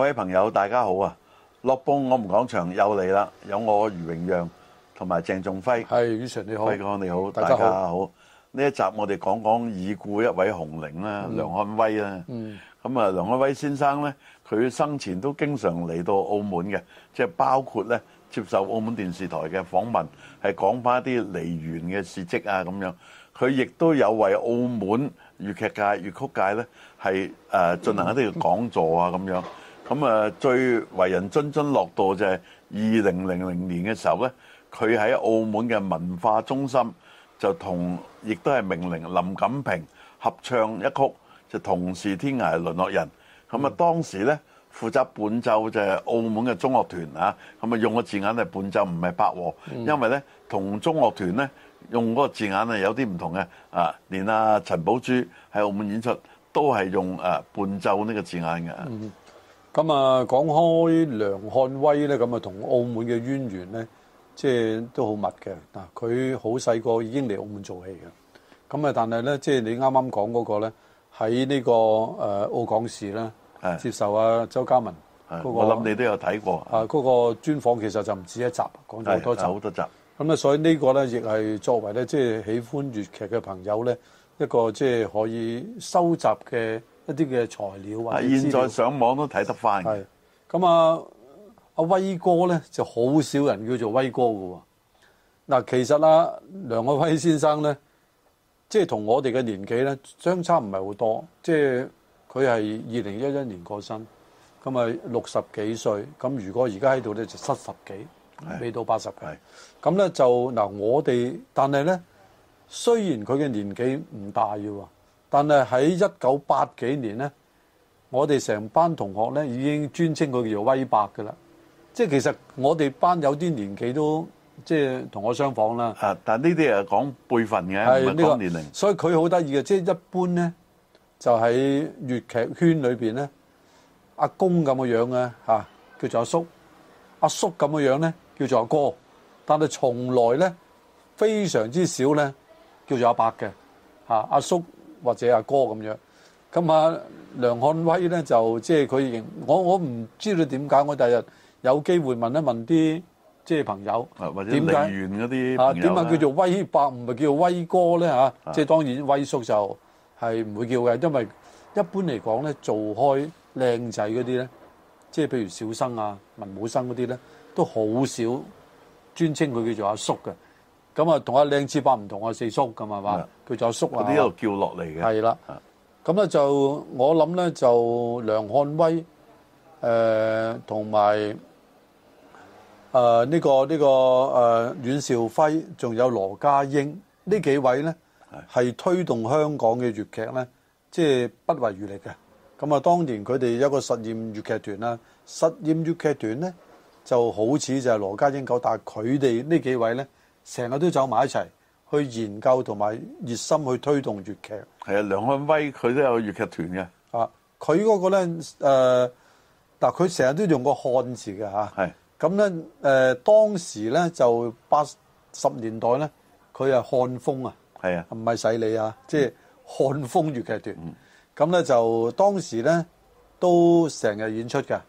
各位朋友，大家好啊！樂報我們講場有你啦，有我余榮讓同埋鄭仲輝。係，先生你好，輝哥你好，大家好。呢一集我哋講講已故一位紅伶啦，梁漢威啦。咁、嗯、啊、嗯嗯，梁漢威先生咧，佢生前都經常嚟到澳門嘅，即、就、係、是、包括咧接受澳門電視台嘅訪問，係講翻一啲梨園嘅事跡啊，咁樣。佢亦都有為澳門粵劇界、粵曲界咧係誒進行一啲嘅講座啊，咁、嗯嗯、樣。咁啊，最為人津津樂道就係二零零零年嘅時候呢，佢喺澳門嘅文化中心就同，亦都係名伶林錦屏合唱一曲，就同是天涯淪落人。咁啊，當時呢負責伴奏就係澳門嘅中樂團啊，咁啊用個字眼係伴奏唔係拍和，因為呢，同中樂團呢，用嗰個字眼係有啲唔同嘅啊。連啊陳寶珠喺澳門演出都係用啊伴奏呢個字眼嘅。咁啊，講開梁漢威咧，咁啊同澳門嘅淵源咧，即係都好密嘅。嗱，佢好細個已經嚟澳門做戲嘅。咁啊，但係咧，即係你啱啱講嗰個咧，喺呢個誒澳港市咧，接受啊周嘉文嗰個。我諗你都有睇過。啊，嗰個專訪其實就唔止一集，講咗好多集好多集。咁啊，所以呢個咧，亦係作為咧，即係喜歡粵劇嘅朋友咧，一個即係可以收集嘅。一啲嘅材料啊，現在上網都睇得翻嘅。咁啊，阿威哥咧就好少人叫做威哥嘅喎。嗱、啊，其實啊，梁漢威先生咧，即係同我哋嘅年紀咧相差唔係好多。即係佢係二零一一年過身，咁啊六十幾歲。咁如果而家喺度咧就七十幾，未到八十嘅。咁咧就嗱、啊，我哋但係咧，雖然佢嘅年紀唔大嘅喎。但係喺一九八幾年咧，我哋成班同學咧已經尊稱佢叫做威伯噶啦。即係其實我哋班有啲年紀都即係同我相仿啦。啊！但呢啲係講輩分嘅，唔係講年齡。這個、所以佢好得意嘅，即係一般咧就喺粵劇圈裏面咧，阿公咁嘅樣啊，叫做阿叔，阿叔咁嘅樣咧叫做阿哥，但係從來咧非常之少咧叫做阿伯嘅、啊、阿叔。或者阿哥咁樣，咁啊梁漢威咧就即係佢認我，我唔知道點解，我第日有機會問一問啲即係朋友，點解？啊，點解叫做威伯唔係叫做威哥咧嚇？即係當然威叔就係唔會叫嘅，因為一般嚟講咧做開靚仔嗰啲咧，即係譬如小生啊、文武生嗰啲咧，都好少尊稱佢叫做阿叔嘅。咁啊，同阿靚次伯唔同啊，四叔咁啊嘛，佢就叔啦。我呢度叫落嚟嘅。係啦，咁咧就我諗咧就梁漢威誒同埋誒呢個呢個誒阮兆輝，仲有羅家英呢幾位咧，係推動香港嘅粵劇咧，即係不遺餘力嘅。咁啊，當年佢哋一個實驗粵劇團啦，實驗粵劇團咧就好似就係羅家英夠，但係佢哋呢幾位咧。成日都走埋一齊去研究同埋熱心去推動粵劇。係啊，梁漢威佢都有粵劇團嘅。啊，佢嗰個咧，誒嗱，佢成日都用個漢字嘅吓。係。咁咧，誒、呃、當時咧就八十年代咧，佢係漢風啊。係啊。唔係使你啊，即係漢風粵劇團。嗯。咁咧就當時咧都成日演出嘅，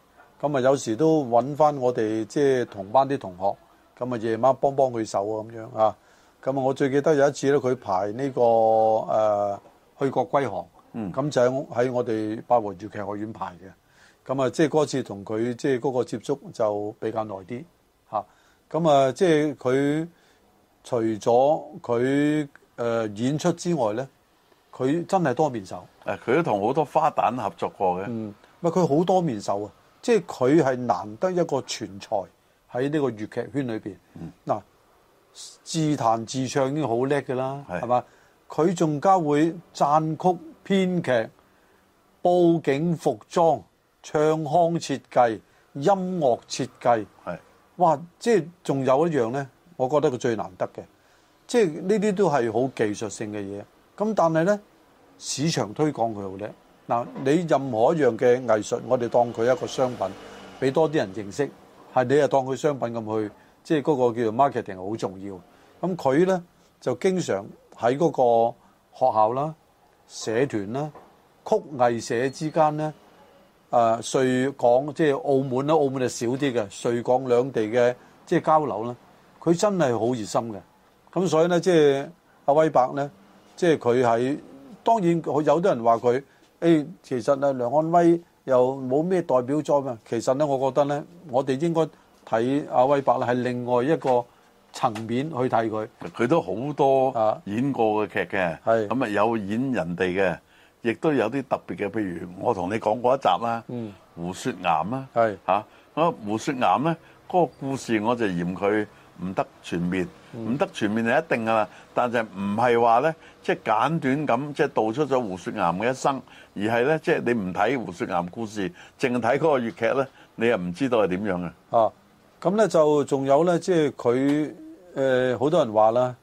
咁啊有時都搵翻我哋即係同班啲同學。咁啊，夜晚幫幫佢手啊，咁樣啊。咁啊，我最記得有一次咧、這個，佢排呢個誒《去國歸航》嗯，咁就喺我哋八和粵劇學院排嘅。咁啊，即係嗰次同佢即係嗰個接觸就比較耐啲吓。咁啊，即係佢除咗佢誒演出之外咧，佢真係多面手。誒，佢都同好多花旦合作過嘅。嗯，咪佢好多面手啊，即係佢係難得一個全才。喺呢個粵劇圈裏邊，嗱自彈自唱已經好叻㗎啦，係咪？佢仲加會撰曲、編劇、佈景、服裝、唱腔設計、音樂設計，係哇！即係仲有一樣呢，我覺得佢最難得嘅，即係呢啲都係好技術性嘅嘢。咁但係呢，市場推廣佢好叻。嗱，你任何一樣嘅藝術，我哋當佢一個商品，俾多啲人認識。係你又當佢商品咁去，即係嗰個叫做 marketing 係好重要。咁佢咧就經常喺嗰個學校啦、社團啦、曲藝社之間咧，誒穗港即係澳門啦，澳門就少啲嘅，穗港兩地嘅即係交流啦。佢真係好熱心嘅。咁所以咧，即係阿威伯咧，即係佢係當然，佢有啲人話佢誒，其實啊，梁漢威，又冇咩代表作啊。其實咧，我覺得咧，我哋應該睇阿威伯咧係另外一個層面去睇佢。佢都好多演過嘅劇嘅，咁啊，有演人哋嘅，亦都有啲特別嘅。譬如我同你講過一集啦、嗯，胡雪岩啦，咁、啊、胡雪岩咧嗰、嗰個故事我就嫌佢唔得全面。唔、嗯、得全面就一定噶啦，但係唔係話咧，即、就、係、是、簡短咁即係道出咗胡雪岩嘅一生，而係咧即係你唔睇胡雪岩故事，淨睇嗰個粵劇咧，你又唔知道係點樣嘅。咁、啊、咧就仲有咧，即係佢誒好多人話啦，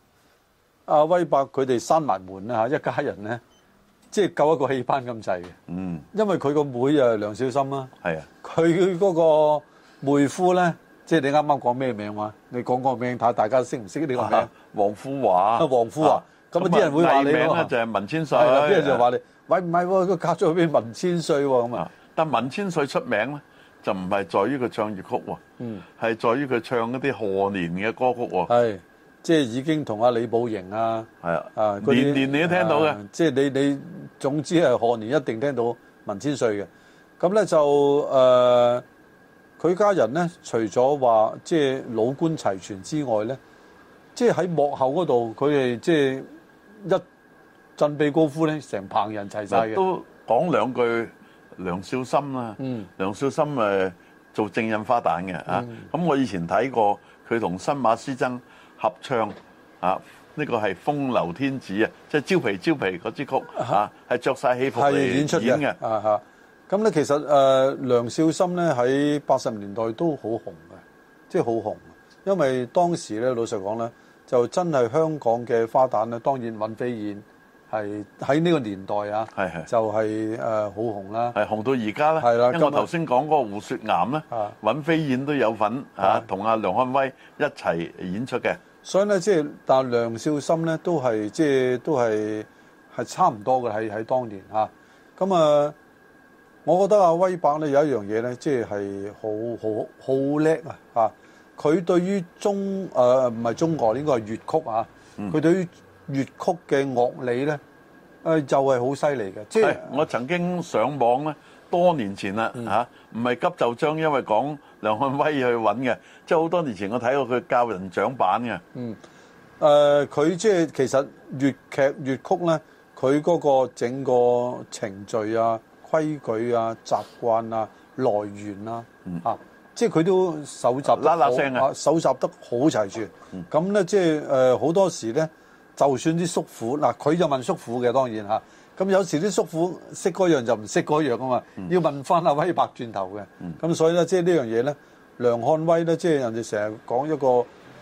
阿、啊、威伯佢哋閂埋門啦一家人咧，即係夠一個戲班咁滯嘅。嗯，因為佢個妹啊梁少芯啦，係啊，佢嗰個妹夫咧。即係你啱啱講咩名嘛？你講個名睇下大家識唔識你個名？黃富華啊，黃富華咁啊！啲人會話你咯，名就係文千歲。係啦，啲人就話你，喂，唔係佢嫁咗俾文千歲喎咁啊！但文千歲出名咧，就唔係在於佢唱粵曲喎，係、嗯、在於佢唱一啲賀年嘅歌曲喎。即、嗯、係、已經同阿李寶瑩啊，係啊，年年你都聽到嘅。即、啊、係、你你總之係賀年一定聽到文千歲嘅。咁咧就誒。呃佢家人咧，除咗話即係老官齊全之外咧，即係喺幕後嗰度，佢哋即係一振臂高呼咧，成棚人齊曬嘅。都講兩句梁少芯啊，嗯，梁少芯誒、啊、做正印花旦嘅啊。咁、嗯、我以前睇過佢同新馬師曾合唱啊，呢、這個係風流天子啊，即係蕉皮蕉皮嗰支曲啊，係着晒戲服嚟演，演出嘅。啊啊咁咧，其實誒、呃、梁少心咧喺八十年代都好紅嘅，即係好紅。因為當時咧老實講咧，就真係香港嘅花旦咧，當然尹飛燕係喺呢個年代啊，係係就係誒好紅啦。係紅到而家咧，係啦，因為我頭先講嗰個胡雪岩咧，尹飛燕都有份啊，同阿梁漢威一齊演出嘅。所以咧即係，但係梁少心咧都係即係都係係差唔多嘅喺喺當年嚇咁啊。我覺得阿威版咧有一樣嘢咧，即係係好好好叻啊！佢對於中誒唔係中國呢個係粵曲啊，佢、嗯、對於粵曲嘅樂理咧、呃、就係好犀利嘅。即、就、係、是哎、我曾經上網咧多年前啦嚇，唔、啊、係、嗯、急就章因為講梁漢威去揾嘅，即係好多年前我睇過佢教人掌板嘅。嗯，誒佢即係其實粵劇粵曲咧，佢嗰個整個程序啊～規矩啊、習慣啊、來源啦、啊嗯，啊，即係佢都搜集啦啦聲啊，蒐、啊、集得好齊全。咁、嗯、咧，即係誒好多時咧，就算啲叔父嗱，佢、啊、就問叔父嘅當然嚇。咁、啊、有時啲叔父識嗰樣就唔識嗰樣啊嘛、嗯，要問翻阿威伯轉頭嘅。咁、嗯、所以咧，即係呢樣嘢咧，梁漢威咧，即係人哋成日講一個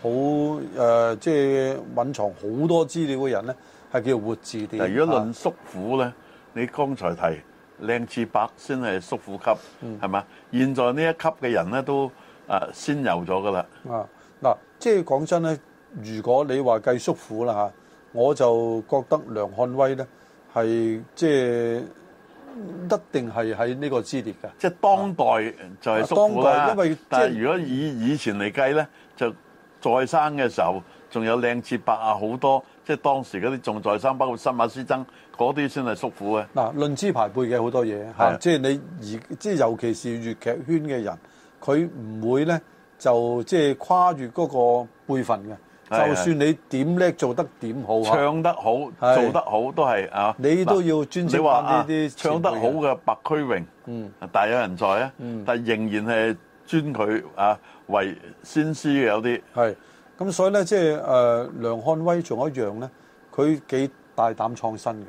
好誒、呃，即係蘊藏好多資料嘅人咧，係叫活字典。嗱，如果論叔父咧、啊，你剛才提。靚次伯先係叔父級，係、嗯、嘛？現在呢一級嘅人咧都啊仙遊咗噶啦。啊，嗱、啊啊，即係講真咧，如果你話計叔父啦嚇、啊，我就覺得梁漢威咧係即係一定係喺呢個之列㗎。即、啊、係、啊、當代就係叔父啦、啊就是。但係如果以以前嚟計咧，就在生嘅時候仲有靚次伯啊好多，即係當時嗰啲仲在生，包括新馬師曾。嗰啲先係叔父嘅。嗱、啊，論資排輩嘅好多嘢、啊，即係你而即係尤其是粵劇圈嘅人，佢唔會咧就即係跨越嗰個輩份嘅。就算你點叻做得點好，唱得好、做得好都係啊。你都要尊師、啊。你話啲、啊、唱得好嘅白駒榮，嗯，大有人在啊，嗯、但仍然係尊佢啊為先師嘅有啲。係咁，所以咧即係誒、呃、梁漢威仲有一樣咧，佢幾大膽創新嘅。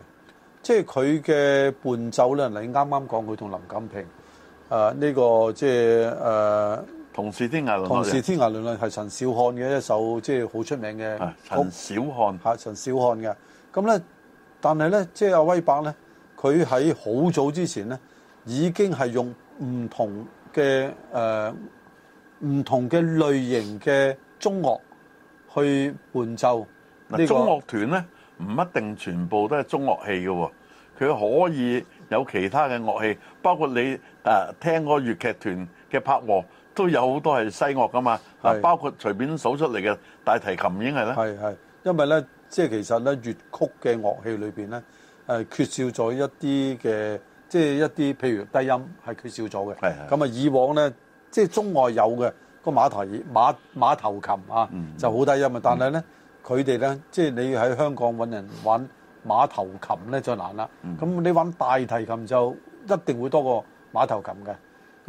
即係佢嘅伴奏咧，你啱啱講佢同林錦平，誒、呃、呢、這個即係誒，同是天涯，同是天涯，論論係陳小漢嘅一首，即係好出名嘅、啊。陳小漢吓、啊，陳小漢嘅。咁、嗯、咧，但係咧，即係阿威伯咧，佢喺好早之前咧，已經係用唔同嘅誒，唔、呃、同嘅類型嘅中樂去伴奏呢個中樂團咧。唔一定全部都係中樂器嘅喎、哦，佢可以有其他嘅樂器，包括你誒、啊、聽嗰個粵劇團嘅拍和都有好多係西樂噶嘛，包括隨便數出嚟嘅大提琴已經係啦係係，因為咧即係其實咧粵曲嘅樂器裏面咧、呃、缺少咗一啲嘅即係一啲譬如低音係缺少咗嘅。咁啊以往咧即係中外有嘅個馬台馬馬頭頭琴啊、嗯、就好低音啊，但係咧。嗯佢哋咧，即係你喺香港揾人玩馬頭琴咧，就難啦。咁你玩大提琴就一定會多過馬頭琴嘅。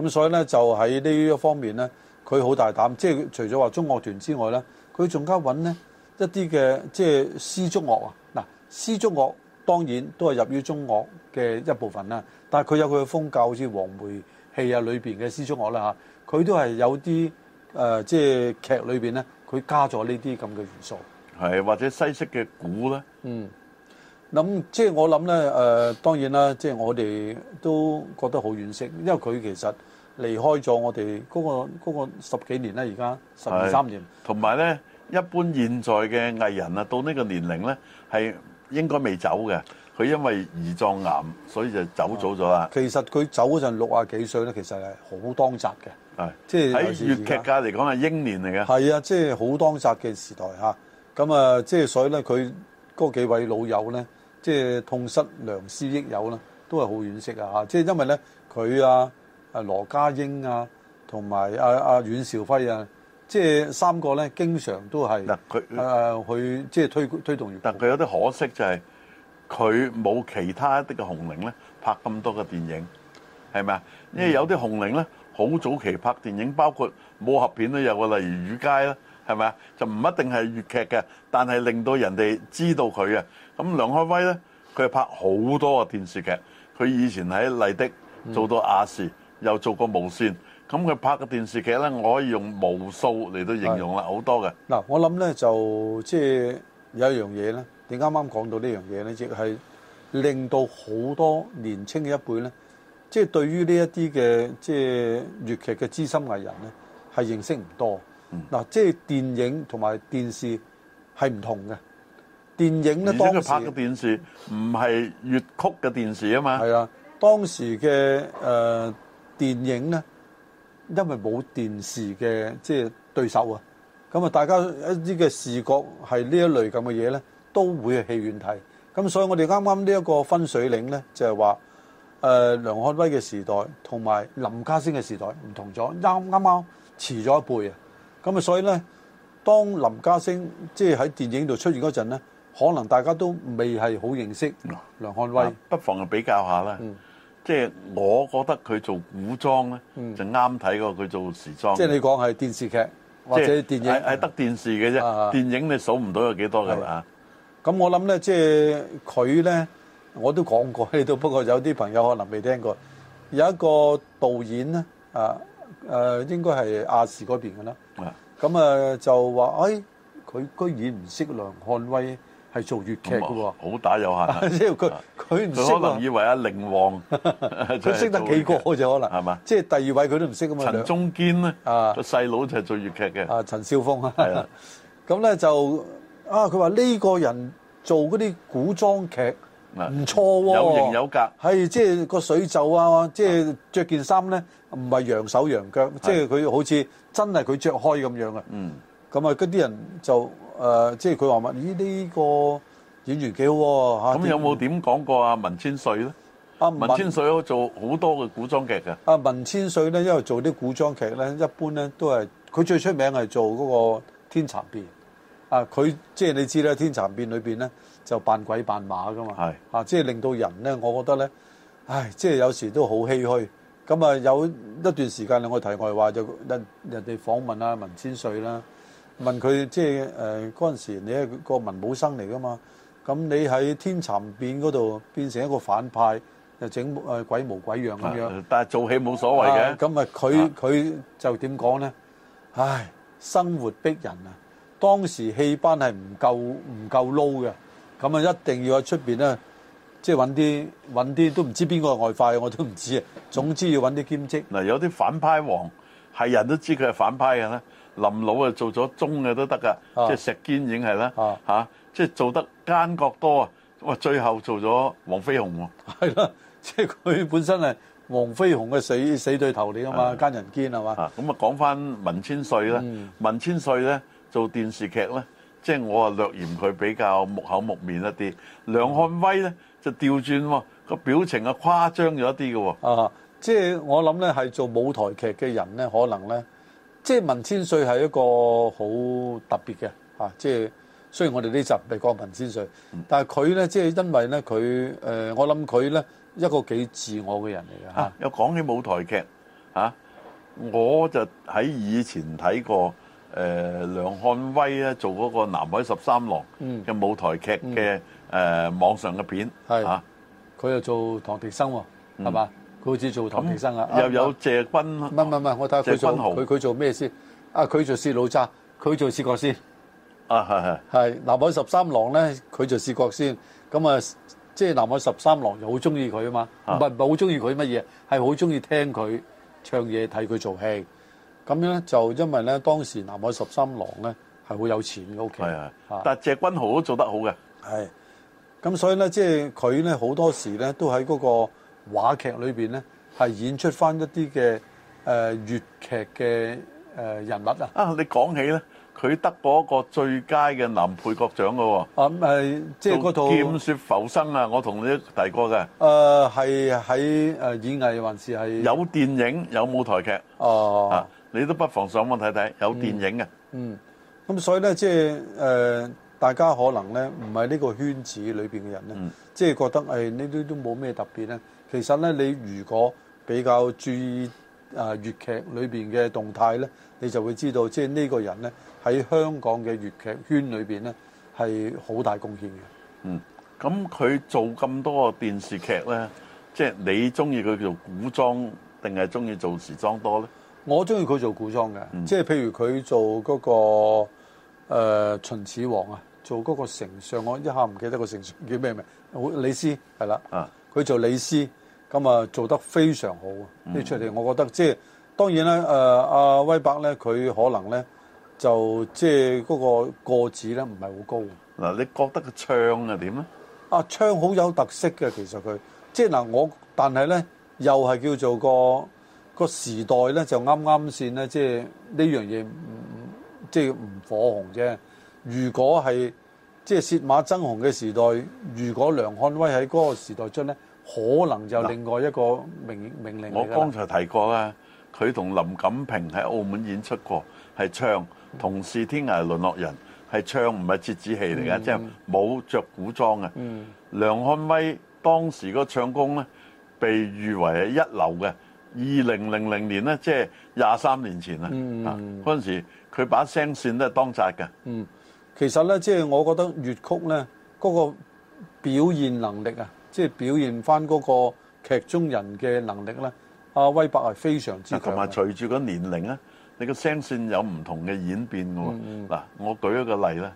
咁所以咧，就喺呢一方面咧，佢好大膽。即係除咗話中樂團之外咧，佢仲加揾咧一啲嘅即係絲竹樂啊。嗱，絲竹樂當然都係入於中樂嘅一部分啦。但係佢有佢嘅風格，好似黃梅戲啊裏面嘅絲竹樂啦嚇，佢都係有啲、呃、即係劇裏面咧，佢加咗呢啲咁嘅元素。係或者西式嘅鼓咧，嗯，諗即係我諗咧，誒、呃，當然啦，即係我哋都覺得好惋惜，因為佢其實離開咗我哋嗰、嗰個、嗰個十幾年咧，而家十二三年。同埋咧，一般現在嘅藝人啊，到呢個年齡咧，係應該未走嘅。佢因為胰臟癌，所以就走咗咗啦。其實佢走嗰陣六啊幾歲咧，其實係好當紮嘅，係即係喺粵劇界嚟講係英年嚟嘅。係啊，即係好當紮嘅時代嚇。咁、嗯、啊，即係所以咧，佢嗰幾位老友咧，即係痛失良師益友啦，都係好惋惜啊！嚇，即係因為咧，佢啊，阿羅家英啊，同埋阿阿阮兆輝啊，即係三個咧，經常都係嗱佢啊，佢即係推推動。但佢有啲可惜就係、是，佢冇其他啲嘅紅伶咧拍咁多嘅電影，係咪啊？嗯、因為有啲紅伶咧，好早期拍電影，包括武俠片都有嘅，例如羽佳啦。係咪啊？就唔一定係粵劇嘅，但係令到人哋知道佢啊。咁梁漢威咧，佢拍好多個電視劇。佢以前喺麗的做到亞視、嗯，又做過無線。咁佢拍嘅電視劇咧，我可以用無數嚟到形容啦，好多嘅。嗱，我諗咧就即係、就是、有一樣嘢咧，你啱啱講到這呢樣嘢咧，亦、就、係、是、令到好多年青嘅一輩咧，即、就、係、是、對於呢一啲嘅即係粵劇嘅資深藝人咧，係認識唔多。嗱、嗯，即係電影同埋電視係唔同嘅。電影咧當時，拍嘅電視唔係粵曲嘅電視啊嘛，係啊。當時嘅誒、呃、電影咧，因為冇電視嘅即係對手啊，咁啊，大家一啲嘅視覺係呢一類咁嘅嘢咧，都會去戲院睇。咁所以我哋啱啱呢一個分水嶺咧，就係話誒梁漢威嘅時代同埋林家聲嘅時代唔同咗，啱啱啱遲咗一輩啊。咁啊，所以咧，當林家升，即係喺電影度出現嗰陣咧，可能大家都未係好認識梁漢威，不妨又比較一下啦、嗯。即係我覺得佢做古裝咧、嗯，就啱睇過佢做時裝。即係你講係電視劇或者電影，係得電視嘅啫、啊，電影你數唔到有幾多嘅喇。咁、啊啊啊、我諗咧，即係佢咧，我都講過，不過有啲朋友可能未聽過。有一個導演咧，啊。誒應該係亞視嗰邊嘅啦、啊嗯，咁就話誒，佢、哎、居然唔識梁漢威係做粵劇嘅、啊嗯、好打有限、啊。 即係佢佢唔識、啊。佢可能以為阿、啊、凌王，佢識得幾個就可能係嘛？即係第二位佢都唔識啊嘛。陳中堅咧，個細佬就係做粵劇嘅。啊，陳少峰啊，啊、， 嗯、啊，咁咧就啊，佢話呢個人做嗰啲古裝劇。唔錯喎，有型有格，係即係個水袖啊！即係着件衫咧，唔係揚手揚腳，即係佢好似真係佢着開咁樣嘅。嗯，咁啊，嗰啲人就誒，即係佢話問：咦，呢、這個演員幾好喎？咁、嗯啊、有冇點講過啊？文千歲咧，啊文，文千歲我做好多嘅古裝劇嘅。阿文千歲咧，因為做啲古裝劇咧，一般咧都係佢最出名係做嗰個《天蠶變》啊。佢即係你知啦，《天蠶變裡面呢》裏面咧。就扮鬼扮馬噶嘛，嚇，即係令到人咧，我覺得咧，唉，即係有時都好唏噓。咁啊，有一段時間，我提外話就人人哋訪問啊，文千歲啦，問佢即係誒嗰陣時你係個文武生嚟噶嘛，咁你喺天尋變嗰度變成一個反派，又整誒鬼模鬼樣咁樣。但係做戲冇所謂嘅。咁啊，佢佢就點講咧？唉，生活逼人啊！當時戲班係唔夠唔夠撈嘅。咁啊，一定要喺出面咧，即係揾啲揾啲都唔知邊個外快，我都唔知啊。總之要揾啲兼職。嗱，有啲反派王係人都知佢係反派噶啦。林老啊，做咗忠嘅都得噶，即係石堅已經係啦。即係、啊啊就是、做得奸角多啊！哇，最後做咗黃飛鴻喎。啦、啊，即係佢本身係黃飛鴻嘅死死對頭嚟啊嘛，奸人堅係嘛。咁啊，講翻文千歲啦、嗯，文千歲咧做電視劇咧。即係我啊，略嫌佢比較木口木面一啲。梁漢威咧就調轉喎，個表情啊誇張咗一啲嘅喎。啊，即係我諗咧，係做舞台劇嘅人咧，可能咧，即係文千歲係一個好特別嘅、啊、即係雖然我哋呢集未講文千歲，嗯、但係佢咧，即係因為咧，佢、呃、我諗佢咧一個幾自我嘅人嚟嘅嚇。又講起舞台劇嚇、啊，我就喺以前睇過。誒、呃、梁漢威咧、啊、做嗰個《南海十三郎》嘅舞台劇嘅誒網上嘅片嚇，佢又做唐滌生喎，係嘛？佢好似做唐滌生啊！又有謝君，唔唔唔，我睇下佢做君豪佢佢做咩先？啊，佢做薛老渣，佢做薛覺先。啊，係係係《就是、南海十三郎》咧，佢做薛覺先。咁啊，即係《南海十三郎》又好中意佢啊嘛，唔係唔係好中意佢乜嘢，係好中意聽佢唱嘢，睇佢做戲。咁樣咧就因為咧當時南海十三郎咧係好有錢嘅屋企。係係但係謝君豪都做得好嘅。咁所以咧即係佢咧好多時咧都喺嗰個話劇裏面咧係演出翻一啲嘅誒粵劇嘅人物啊！啊，你講起咧，佢得嗰個最佳嘅男配角獎嘅喎、哦。啊、嗯，咁係即係嗰套《劍雪浮生》啊，我同你提過嘅。誒、呃，係喺演藝還是係有電影有舞台劇哦、啊你都不妨上網睇睇，有電影嘅。嗯，咁、嗯、所以呢，即係誒，大家可能呢，唔係呢個圈子裏面嘅人呢，即係覺得誒呢啲都冇咩特別呢。其實呢，你如果比較注意啊粵劇裏邊嘅動態呢，你就會知道，即係呢個人呢，喺香港嘅粵劇圈裏面呢，係好大貢獻嘅。嗯，咁佢做咁多個電視劇呢，即係你中意佢做古裝定係中意做時裝多呢？我中意佢做古裝嘅、嗯，即係譬如佢做嗰、嗰個、呃、秦始皇啊，做嗰個丞相，我一下唔記得個丞相叫咩名，李斯係啦，佢、啊、做李斯咁啊，做得非常好啊，呢、嗯、出嚟，我覺得即係當然啦，誒、呃、阿、啊、威伯咧，佢可能咧就即係嗰個個子咧唔係好高。嗱，你覺得個唱係點咧？啊，唱好有特色嘅，其實佢即係嗱、呃，我但係咧又係叫做個。個時代咧就啱啱線咧，即係呢樣嘢唔即係唔火紅啫。如果係即係薛馬爭雄嘅時代，如果梁漢威喺嗰個時代出咧，可能就另外一個名名伶、啊。我剛才提過啦、啊，佢同林錦平喺澳門演出過，係唱《同是天涯淪落人》，係唱唔係折子戲嚟嘅，即係冇着古裝嘅、嗯。梁漢威當時個唱功咧，被譽為係一流嘅。二零零零年咧，即係廿三年前啦，嗰陣時佢把聲線都係當紮嘅。嗯，其實咧，即係我覺得粵曲咧嗰個表現能力啊，即係表現翻嗰個劇中人嘅能力咧，阿威伯係非常之強。同埋隨住個年齡咧，你個聲線有唔同嘅演變㗎喎。嗱，我舉一個例咧，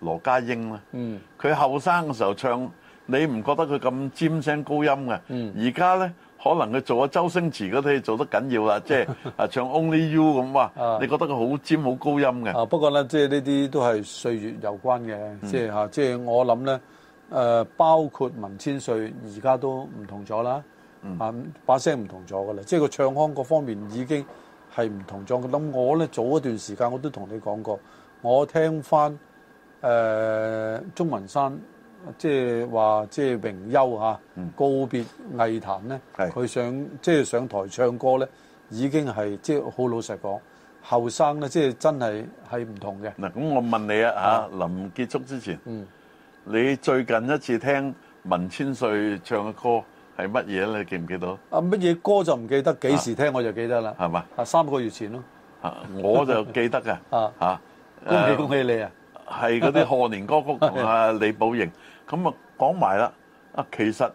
羅家英咧，佢後生嘅時候唱，你唔覺得佢咁尖聲高音嘅？而家咧。可能佢做啊周星馳嗰啲做得緊要啦，即係啊唱 Only You 咁哇， 你覺得佢好尖好高音嘅。啊不過咧，即係呢啲都係歲月有關嘅，即係嚇，即係我諗咧，誒包括文千歲而家都唔同咗啦，啊把聲唔同咗噶啦，即係個唱腔各方面已經係唔同咗。咁我咧早一段時間我都同你講過，我聽翻誒鍾雲山。即係話，即係榮休嚇，告別藝壇咧，佢、嗯、上即係上台唱歌咧，已經係即係好老實講，後生咧即係真係係唔同嘅。嗱，咁我問你啊嚇，臨結束之前、嗯，你最近一次聽文千歲唱嘅歌係乜嘢咧？是什麼呢你記唔記得？啊，乜嘢歌就唔記得，幾時聽我就記得啦。係嘛？啊，三個月前咯。啊，我就記得㗎、 啊。啊嚇，恭喜恭喜你啊！係嗰啲賀年歌曲同阿李寶瑩。 咁啊，講埋啦！啊，其實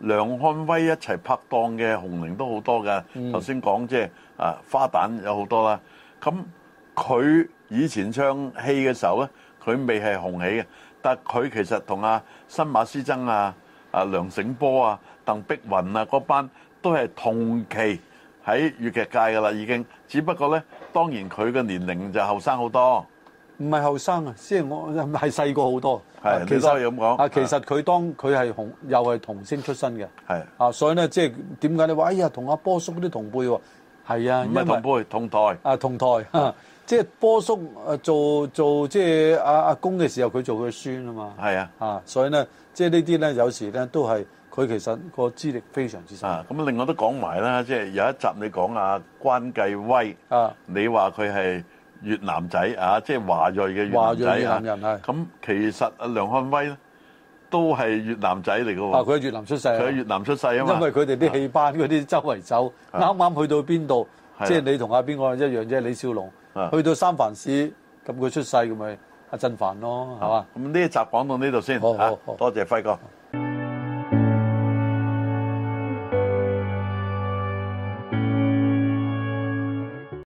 梁漢威一齊拍檔嘅紅伶都好多㗎。頭先講即係啊，花旦有好多啦。咁、啊、佢以前唱戲嘅時候咧，佢未係紅起嘅。但佢其實同阿、啊、新馬師曾啊、啊梁醒波啊、鄧碧雲啊嗰班都係同期喺粵劇界噶啦，已經。只不過咧，當然佢嘅年齡就後生好多。唔係後生啊，即、就、係、是、我係細個好多。其實所以咁講。啊，其實佢當佢係紅、啊、又係童星出身嘅。啊、啊，所以咧，即係點解你話？哎呀，同阿波叔啲同輩喎。係啊。唔啊，同輩同台。啊，同台。即係、啊啊就是、波叔做做做做做啊，做做即係阿阿公嘅時候，佢做佢孫啊嘛。係啊。啊，所以咧，即、就、係、是、呢啲咧，有時咧都係佢其實個資歷非常之深、啊。咁另外都講埋啦，即、就、係、是、有一集你講阿、啊、關繼威，啊、你話佢係。越南仔啊，即係華裔嘅越,、啊、越南人。啊，咁其實阿梁漢威咧都係越南仔嚟嘅喎。啊，佢喺越南出世，佢喺越南出世啊嘛。啊、因為佢哋啲戲班嗰啲周圍走，啱啱去到邊度，即係你同阿邊個一樣啫？李小龍去到三藩市，咁佢出世，佢咪阿振藩咯，係嘛？咁呢一集講到呢度先、啊，多謝,謝輝哥。